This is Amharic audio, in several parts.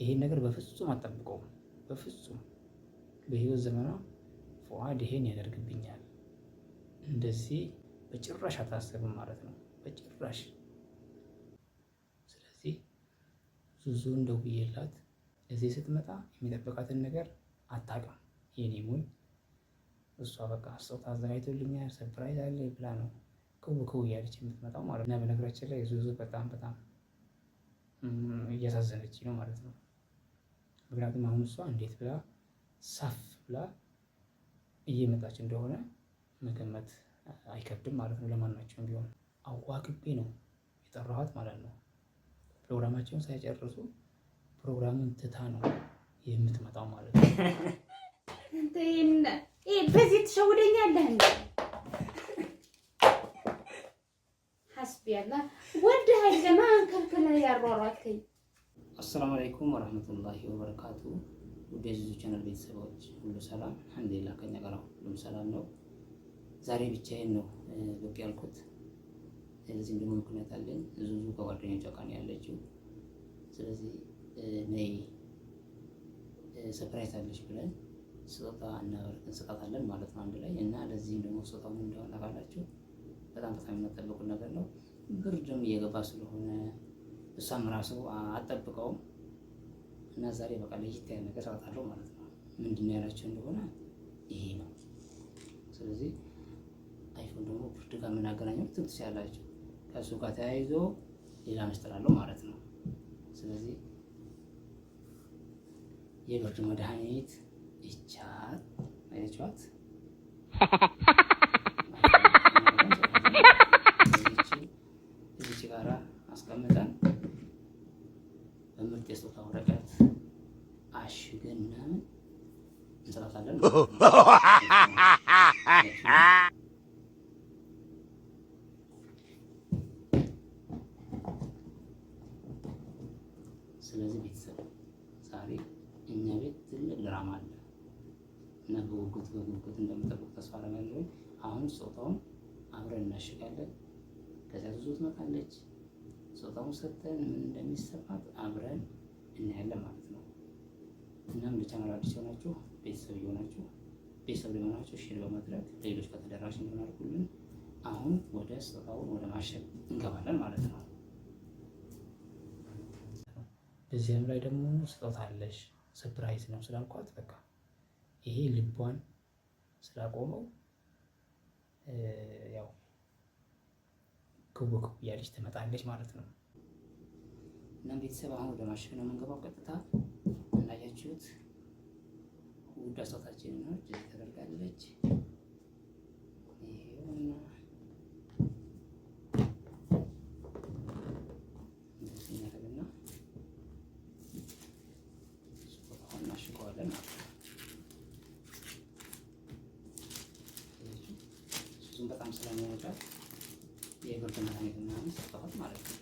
ይሄን ነገር በፍጹም አጠብቀውም። በፍጹም በህይወት ዘመኗ ፉአድ ይሄን ያደርግብኛል እንደዚህ በጭራሽ አታሰብም ማለት ነው። በጭራሽ ስለዚህ ዙዙን ደውዬላት እዚህ ስትመጣ የሚጠበቃትን ነገር አታውቅም። የኔ እሷ በቃ ስጦታ አዘጋጅቶልኛል ሰርፕራይዝ አለ ብላ ነው ክው ክው እያለች የምትመጣው ማለት ነው። እና በነገራችን ላይ ዙዙ በጣም በጣም እያሳዘነች ነው ማለት ነው። ምክንያቱም አሁን እሷ እንዴት ብላ ሳፍ ብላ እየመጣች እንደሆነ መገመት አይከብድም ማለት ነው። ለማናቸውም ቢሆን አዋግቤ ነው የጠራኋት ማለት ነው። ፕሮግራማቸውን ሳይጨርሱ ፕሮግራሙን ትታ ነው የምትመጣው ማለት ነው። በዚህ ትሸውደኛለህ እንዴ? ሀስቢ ያላ ወደ ሀይለማ አንከልክለህ ያሯሯትኝ አሰላሙ አለይኩም ወረህመቱላሂ ወበረካቱ። ውድ የዚዙ ቻናል ቤተሰቦች ሁሉ ሰላም አልሐምዱሊላህ፣ ከኛ ጋር ሁሉም ሰላም ነው። ዛሬ ብቻዬን ነው ብቅ ያልኩት። ለዚህም ደግሞ ምክንያት አለኝ። ዙዙ ከጓደኞቿ ጋር ነው ያለችው። ስለዚህ ነይ ሰፕራይዝ አለች ብለን ስጦታ እንሰጣታለን ማለት ነው አንድ ላይ እና ለዚህም ደግሞ ስጦታ ምን እንደሆነ ካላችሁ በጣም በጣም የምንጠብቁት ነገር ነው። ብርድም እየገባ ስለሆነ እሷም ራሱ አጠብቀውም እና ዛሬ በቃ ለየት ያለ ነገር አወጣለሁ ማለት ነው። ምንድን ነው ያላቸው እንደሆነ ይሄ ነው። ስለዚህ አይፎን ደግሞ ብርድ ጋር የምናገናኘው ትንትስ ያላቸው ከእሱ ጋር ተያይዞ ሌላ ምስጢር አለው ማለት ነው። ስለዚህ የብርድ መድኃኒት ይቻት አይቻት ቤተሰብ ዛሬ እኛ ቤት ትልቅ ድራማ አለ እና በጉጉት በጉጉት ተስፋ አደርጋለሁ። አሁን ጾታውን አብረን እናሽጋለን። ከዚያ ብዙ ትመጣለች። ጾታውን ሰጠን ምን እንደሚሰማት አብረን እናያለን ማለት ነው። እናም ለቻናል አዲስ የሆናችሁ ቤተሰብ የሆናችሁ ቤተሰብ የሆናችሁ ሼር በማድረግ እንዲሆን አድርጉልን። አሁን ወደ ወደ ማሸግ እንገባለን ማለት ነው። እዚህም ላይ ደግሞ ስጦታ አለሽ ነው ስላልኳት በቃ ይሄ ልቧን ስላቆመው ያው ክቡክ ክቡ እያለች ትመጣለች ማለት ነው። እና ቤተሰብ አሁን ወደ ማሸግ ነው የምንገባው ቀጥታ እንዳያችሁት ውድ አስታታችን ነው ተደርጋለች። ብዙም በጣም ስለመወዳት የብርድ መድኃኒት ምናምን ሰጠኋት ማለት ነው።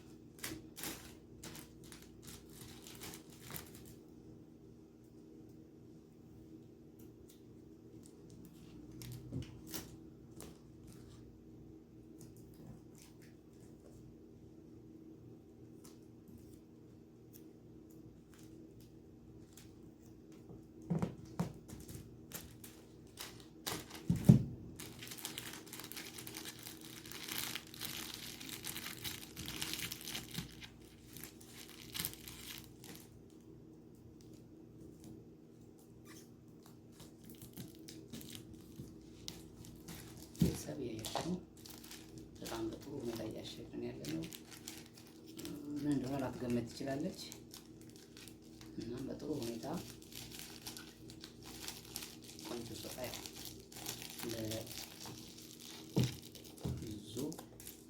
እያሸ ነው። በጣም በጥሩ ሁኔታ እያሸግን ያለ ነው። ምን እንደሆነ ላትገመት ትችላለች። እናም በጥሩ ሁኔታ ቆንጆ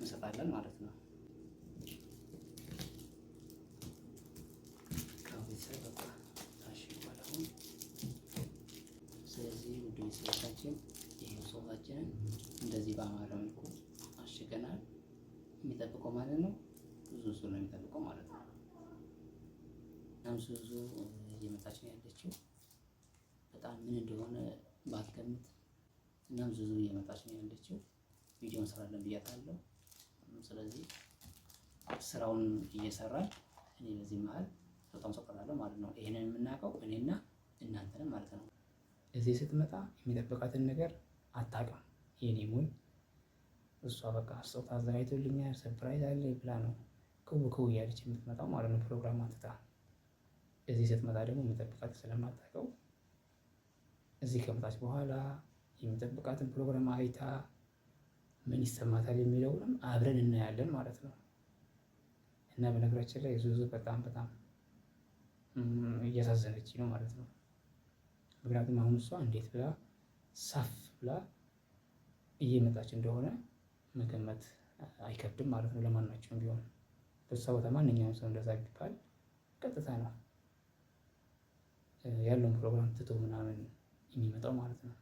እንሰጣለን ማለት ነው። ስለዚህ ውድ ቤተሰቦቻችን ፓስታችንን እንደዚህ በአማረ መልኩ አሽገናል። የሚጠብቀው ማለት ነው ብዙ ዙዙ ነው የሚጠብቀው ማለት ነው። እናም እየመጣች ነው ያለችው በጣም ምን እንደሆነ ባትገምት። እናም ዙዙ ነው ያለችው ቪዲዮ እንሰራለን ብያታለሁ። ስለዚህ ስራውን እየሰራን እኔ በዚህ መሀል ስጦታውን ሰጠታለሁ ማለት ነው። ይህንን የምናውቀው እኔና እናንተንም ማለት ነው። እዚህ ስትመጣ የሚጠብቃትን ነገር አታውቅም። የኔ ሙን እሷ በቃ ስጦታ አዘጋጅቶልኛል ሰርፕራይዝ አለ ብላ ነው ክው ክው እያለች የምትመጣው ማለት ነው። ፕሮግራም አትታ እዚህ ስትመጣ ደግሞ የሚጠብቃት ስለማታውቀው እዚህ ከመጣች በኋላ የሚጠብቃትን ፕሮግራም አይታ ምን ይሰማታል የሚለውንም አብረን እናያለን ማለት ነው። እና በነገራችን ላይ ዙዙ በጣም በጣም እያሳዘነች ነው ማለት ነው። ምክንያቱም አሁን እሷ እንዴት ብላ ሳፍ ብላ እየመጣች እንደሆነ መገመት አይከብድም ማለት ነው። ለማናቸውም ቢሆን በዛ ቦታ ማንኛውም ሰው እንደዛ ቢባል ቀጥታ ነው ያለውን ፕሮግራም ትቶ ምናምን የሚመጣው ማለት ነው።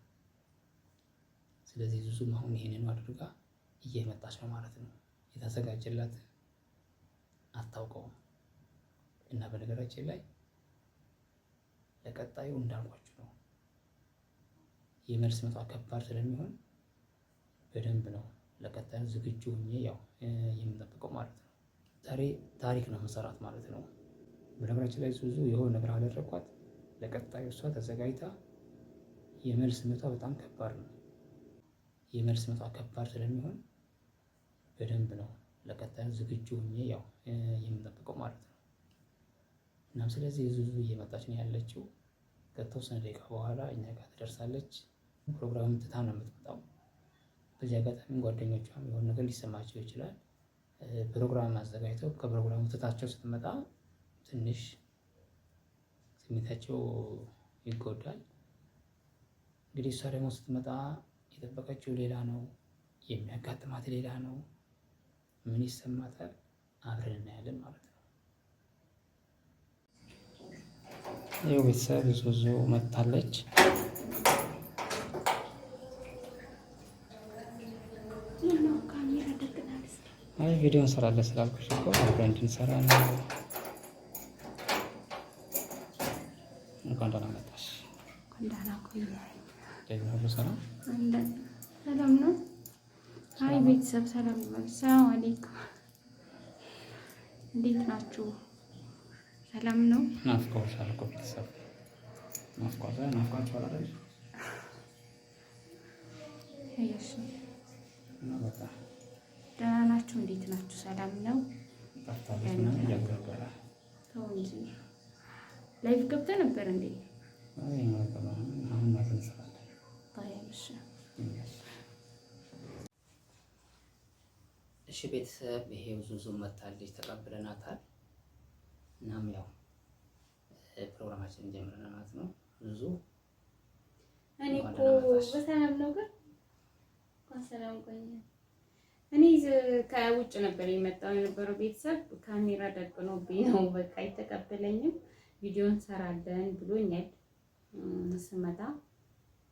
ስለዚህ ዙዙም አሁን ይሄንን አድርጋ እየመጣች ነው ማለት ነው። የተዘጋጀላት አታውቀውም እና በነገራችን ላይ ለቀጣዩ እንዳልኳቸው የመልስ ምቷ ከባድ ስለሚሆን በደንብ ነው ለቀጣዩ ዝግጁ ሆኜ ያው የምጠብቀው ማለት ነው። ዛሬ ታሪክ ነው መሰራት ማለት ነው። በነገራችን ላይ ዙዙ የሆነ ነገር አደረኳት። ለቀጣዩ እሷ ተዘጋጅታ የመልስ ምቷ በጣም ከባድ ነው። የመልስ ምቷ ከባድ ስለሚሆን በደንብ ነው ለቀጣዩ ዝግጁ ሆኜ ያው የምጠብቀው ማለት ነው። እናም ስለዚህ ዙዙ እየመጣች ነው ያለችው። ከተወሰነ ደቂቃ በኋላ እኛ ጋር ትደርሳለች። ፕሮግራም ትታ ነው የምትመጣው። በዚህ አጋጣሚ ጓደኞቿም የሆነ ነገር ሊሰማቸው ይችላል። ፕሮግራም አዘጋጅተው ከፕሮግራሙ ትታቸው ስትመጣ ትንሽ ስሜታቸው ይጎዳል። እንግዲህ እሷ ደግሞ ስትመጣ የጠበቀችው ሌላ ነው፣ የሚያጋጥማት ሌላ ነው። ምን ይሰማታል? አብረን እናያለን ማለት ነው። ይኸው ቤተሰብ ዙዙ መጥታለች። አይ ቪዲዮ እንሰራለን ስላልኩሽ እኮ አብረን እንድንሰራ ነው። እንኳን ደህና መጣሽ። ሁሉ ሰላም ሰላም ነው? አይ ቤተሰብ ሰላም ነው። ሰላም አለይኩም። እንዴት ናችሁ? ሰላም ነው? ናፍቆሻል እኮ ቤተሰብ ናፍቆሻል። ናፍቃችኋል አይደል? እሺ እና በቃ ደህና ናችሁ? እንዴት ናችሁ? ሰላም ነው? ላይፍ ገብተ ነበር እንዴ? እሺ ቤተሰብ ይሄ ብዙ መታለች፣ ተቀብለናታል። እናም ያው ፕሮግራማችን ጀምረናል ማለት ነው። ዙዙ እኔ እኮ በሰላም ነው ግን ሰላም ቆይ እኔ ከውጭ ነበር የመጣው የነበረው ቤተሰብ ካሜራ ደቅኖብኝ ነው በቃ አይተቀበለኝም። ቪዲዮ እንሰራለን ብሎኛል። ስመጣ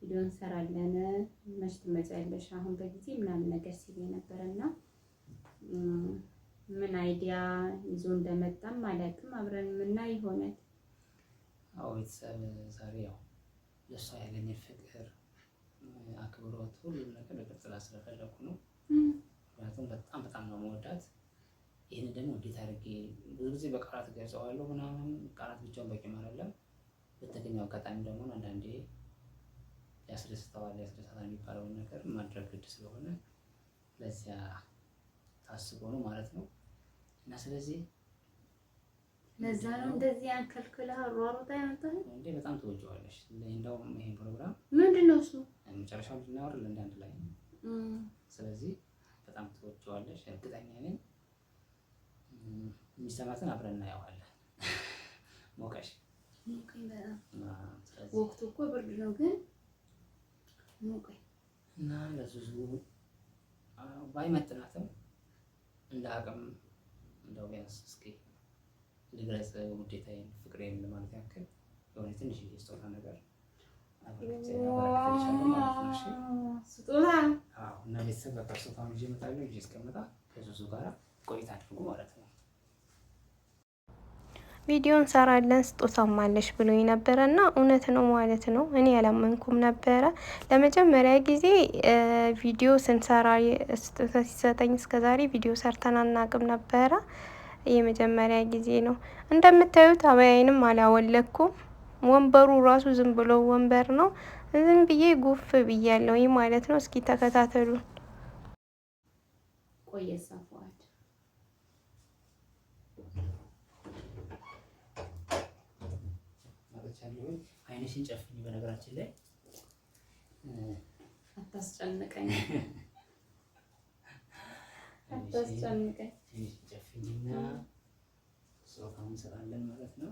ቪዲዮ እንሰራለን መች ትመጫለሽ አሁን በጊዜ ምናምን ነገር ሲል ነበር እና ምን አይዲያ ይዞ እንደመጣም አላውቅም። አብረን የምናይ ይሆናል። አዎ ቤተሰብ ዛሬ ያው ለሷ ያለኝ ፍቅር፣ አክብሮት ሁሉም ነገር በቅርጽ ስለፈለኩ ነው ምክንያቱም በጣም በጣም ነው መወዳት። ይህን ደግሞ እንዴት አድርጌ ብዙ ጊዜ በቃላት ገልጸዋለሁ ምናምን ቃላት ብቻውን በቂም አይደለም። በተገኘው አጋጣሚ ደግሞ አንዳንዴ ያስደስተዋል ያስደስታል የሚባለውን ነገር ማድረግ ግድ ስለሆነ ለዚያ ታስቦ ነው ማለት ነው። እና ስለዚህ ለዛ ነው እንደዚህ ያንከልክለህ አሯሯጣ ያመጣኸው እንዴ? በጣም ትወጪዋለሽ። እንደውም ይሄን ፕሮግራም ምንድን ነው እሱ መጨረሻ ልናወር ለእንዳንድ ላይ ስለዚህ በጣም ትወደዋለሽ፣ እርግጠኛ ነኝ። የሚሰማትን አብረን እናየዋለን። ሞቀሽ ወቅቱ እኮ ብርድ ነው፣ ግን ሞቀኝ እና ለዙዙ ባይመጥናትም እንደ አቅም እንደው ቢያንስ እስኪ ልግለጽ ውዴታዬን፣ ፍቅሬን ለማለት ያክል የሆነ ትንሽ ስጦታ ነገር እና ቤተሰብ በቃ ስጦታውን ይዤ እመጣለሁ። ይዤ እስከምመጣ ጋር ቆይታ አድርጉ ማለት ነው። ቪዲዮ እንሰራለን ስጦታም አለሽ ብሎኝ ነበረ እና እውነት ነው ማለት ነው። እኔ ያላመንኩም ነበረ። ለመጀመሪያ ጊዜ ቪዲዮ ስንሰራ ስጦታ ሲሰጠኝ እስከዛሬ ቪዲዮ ሰርተን አናቅም ነበረ። የመጀመሪያ ጊዜ ነው። እንደምታዩት አበያይንም አላወለኩም። ወንበሩ ራሱ ዝም ብሎ ወንበር ነው። ዝም ብዬ ጉፍ ብያለሁ ማለት ነው። እስኪ ተከታተሉ አይነሽን ጨፍኝ። በነገራችን ላይ አታስጨንቀኝ አታስጨንቀኝ። ጨፍኝና ሶፋ እንሰራለን ማለት ነው።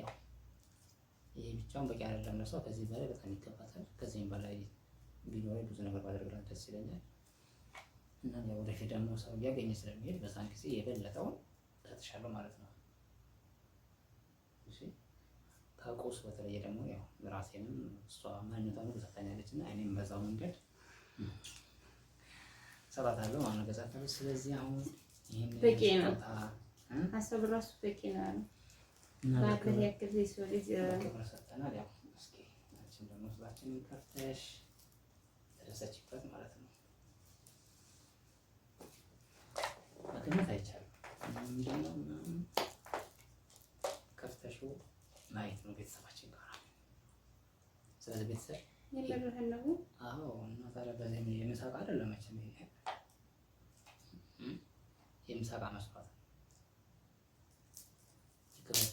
ያው ይሄ ብቻውን በቂ አይደለም። ለሰው ከዚህ በላይ በጣም ይገባታል። ከዚህም በላይ ቢኖር ብዙ ነገር ባደርግላት ደስ ይለኛል። እና ወደፊት ደግሞ ሰው እያገኘ ስለሚሄድ በዛን ጊዜ የበለጠውን እሰጥሻለሁ ማለት ነው። ከቁስ በተለየ ደግሞ ያው ራሴንም እሷ ማንነቷን ሁሉ ሰጥታኛለች እና እኔም በዛው መንገድ ማለት ነው። ስለዚህ አሁን በቂ ነው። አሰብ ራሱ በቂ ነው። ደረሰችበት ማለት ነው። መገመት አይቻልም። ምንድነው ምናምን ከፍተሹ ማየት ነው ቤተሰባችን ጋር ስለዚህ ቤተሰብ አዎ። እና ታዲያ በዚህ የምሳቃ አይደለም መቼም ይሄ መስሏል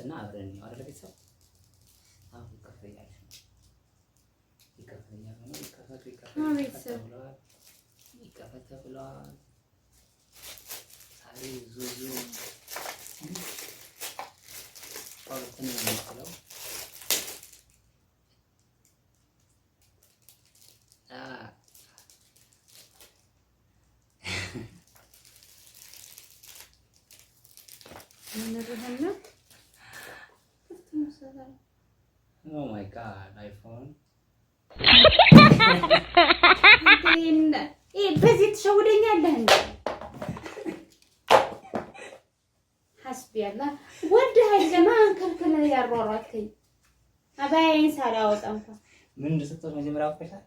እና አብረን ነው አይደል ሰው አሁን ይቅርታ እያለ ነው። ይቅርታ እያለ ነው። ተብሏል። ሳሪ ዙዙ ቆርጥን ነው እንደዚህ ትሸውደኛለህ? እንደ ሀስቢ ያለ ወድ ሀይል አንከልክል ያሯሯትኝ አባያይን ሳላወጣ እንኳን ምን እንደሰጠሁት መጀመሪያ አውቀሻል።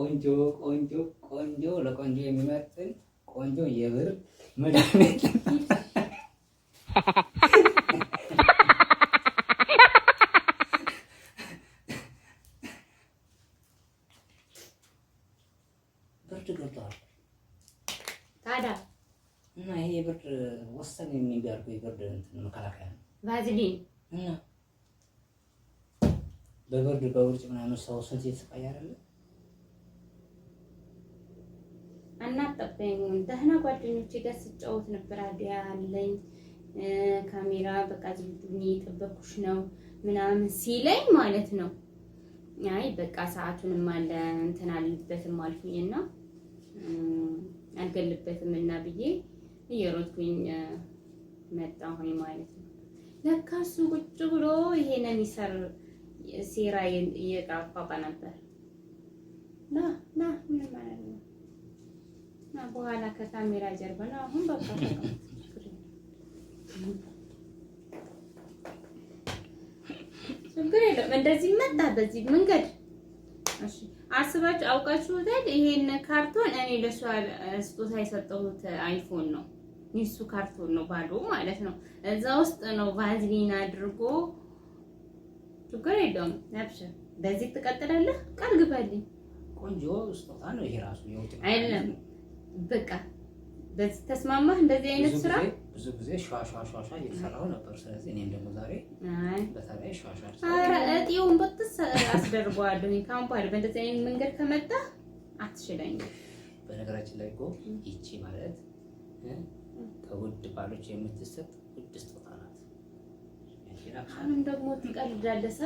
ቆንጆ ቆንጆ ቆንጆ ለቆንጆ የሚመጥን ቆንጆ የብር መድኃኒት አድርጎ የብርድ መከላከያ ነው። ቫዝሊን እና በብርድ በውርጭ ምናምን ሰው ስንት የተሰቃየ አይደለ? አናጠበኝ ደህና ጓደኞቼ ጋር ስጫወት ነበር። አዲያ አለኝ ካሜራ በቃ ዝብዱኝ የጠበኩሽ ነው ምናምን ሲለኝ ማለት ነው። አይ በቃ ሰዓቱንም አለ እንትን አልበትም አልኩኝ እና አልገልበትም እና ብዬ እየሮጥኩኝ መጣሁኝ ማለት ነው። ለካ እሱ ቁጭ ብሎ ይሄንን ይሰር ሴራ እየቃቋቋ ነበር። ና ና ምን ማለት ነው? ና በኋላ ከካሜራ ጀርባ ነው። አሁን በቃ ችግር የለም። እንደዚህ መጣ በዚህ መንገድ አስባችሁ አውቃችሁታል። ይሄን ካርቶን እኔ ለሷ ስጦታ የሰጠሁት አይፎን ነው። የሱ ካርቶን ነው ባዶ ማለት ነው። እዛ ውስጥ ነው ቫዝሊን አድርጎ ችግር የለውም ነብሽ በዚህ ትቀጥላለህ። ቃል ግባልኝ። ቆንጆ ስጦታ ነው ይሄ ራሱ አይደለም። በቃ በዚህ ተስማማህ? እንደዚህ አይነት ስራ ብዙ ጊዜ ሸዋሸዋሸዋሻ እየተሰራው ነበር። ስለዚህ እኔም ደግሞ ዛሬ በተለይ ሸዋሸዋሻ እጤውን በጥስ አስደርገዋለሁኝ። ካሁን በኋላ በእንደዚህ አይነት መንገድ ከመጣ አትችለኝም። በነገራችን ላይ እኮ ይቺ ማለት ከውድ ባሎች የምትሰጥ ውድ ስጦታ ናት። አሁንም ደግሞ ትቀልዳለህ።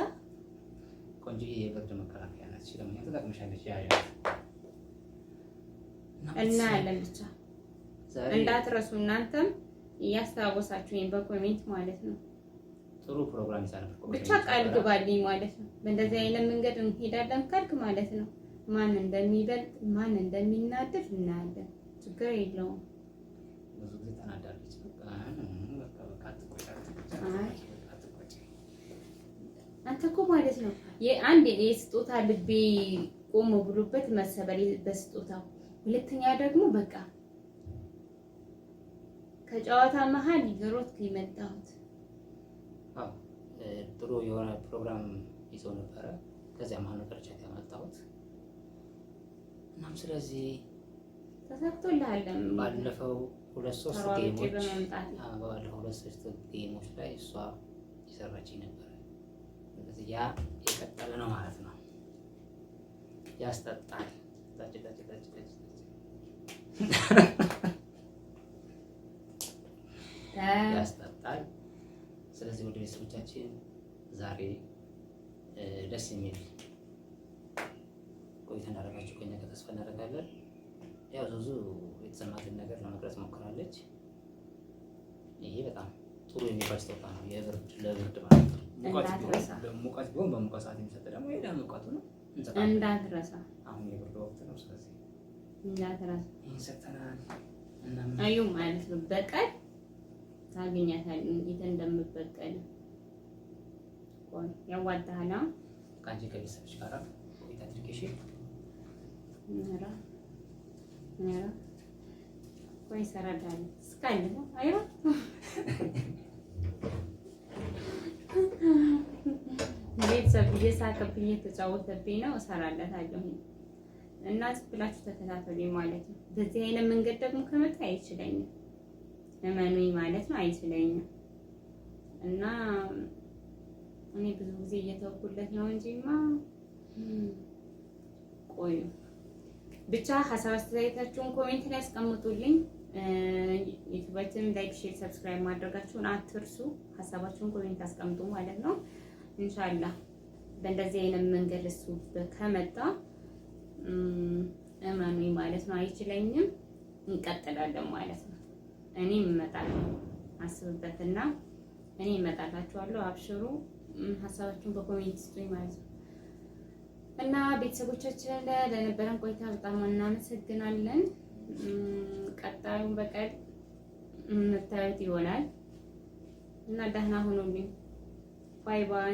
ቆንጆ የብርድ መከላከያ ናት። ስለምን ተጠቅመሻለች? ያ እና ያለን ብቻ እንዳትረሱ እናንተም እያስታወሳችሁኝ በኮሜንት ማለት ነው። ጥሩ ፕሮግራም ብቻ ቃል ግባልኝ ማለት ነው። በእንደዚህ አይነት መንገድ እንሄዳለን ካልክ ማለት ነው ማን እንደሚበልጥ ማን እንደሚናደድ እናያለን። ችግር የለውም። ብዙ ጊዜ ተናዳለች። አንተ እኮ ማለት ነው አንድ የስጦታ ልቤ ቆሞ ብሎበት መሰበር በስጦታው፣ ሁለተኛ ደግሞ በቃ ከጨዋታ መሀል ዞሮት የመጣሁት ጥሩ የሆነ ፕሮግራም ይዘው ነበረ። ከዚያ መሀል መቅረጫት ያመጣሁት እናም ስለዚህ ተሳክቶልሃል ባለፈው ሁለት ሶስት ጌሞች ባለፈው ሁለት ሶስት ጌሞች ላይ እሷ የሰራች ነበረ። ስለዚህ ያ የቀጠለ ነው ማለት ነው። ያስጠጣል። ያስጠጣል። ስለዚህ ወደ ቤተሰቦቻችን ዛሬ ደስ የሚል ቆይታ እንዳደረጋችሁ ከኛ ከተስፋ እናደርጋለን። ያው ዙዙ የተሰማትን ነገር ለመቅረጽ ሞክራለች። ይሄ በጣም ጥሩ የሚባል ስጦታ ነው፣ የብርድ ለብርድ ማለት ነው። ሙቀት ቢሆን በሙቀት ሰዓት የሚሰጥ ደግሞ ይሄ ሙቀቱ ነው፣ እንዳትረሳ። አሁን የብርድ ወቅት ነው፣ ስለዚህ እንዳትረሳ። ይህን ሰጥተናል። አዩ ማለት ነው በቀል ታገኛታል። እንዴት እንደምበቀል ያዋጣሃል። ከአንቺ ከቤተሰብሽ ጋር ቆይታ አድርጌሽ ወይ ሰረዳለ ስካይ ነው አይሮ ቤተሰብ እየሳቀብኝ እየተጫወተብኝ ነው። እሰራለታለሁ እና ብላችሁ ተከታተሉኝ ማለት ነው። በዚህ አይነት መንገድ ደግሞ ከመጣ አይችለኝም እመኑኝ ማለት ነው። አይችለኝም እና እኔ ብዙ ጊዜ እየተውኩለት ነው እንጂማ ቆዩ ብቻ ሀሳብ አስተያየታችሁን ኮሜንት ላይ ያስቀምጡልኝ። ዩቲዩባችን ላይክ፣ ሼር፣ ሰብስክራይብ ማድረጋችሁን አትርሱ። ሀሳባችሁን ኮሜንት አስቀምጡ ማለት ነው። እንሻላ በእንደዚህ አይነት መንገድ እሱ ከመጣ እመኑኝ ማለት ነው። አይችለኝም እንቀጥላለን ማለት ነው። እኔ እመጣለሁ፣ አስብበትና እኔ እመጣላችኋለሁ። አብሽሩ፣ ሀሳባችሁን በኮሜንት ስጡኝ ማለት ነው። እና ቤተሰቦቻችን ለነበረን ቆይታ በጣም እናመሰግናለን። ቀጣዩን በቀል የምታዩት ይሆናል እና ደህና ሁኑልኝ። ባይ ባይ።